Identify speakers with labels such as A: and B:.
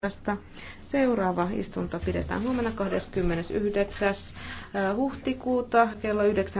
A: puolesta. Seuraava istunto pidetään huomenna 29. Äh, huhtikuuta kello 9.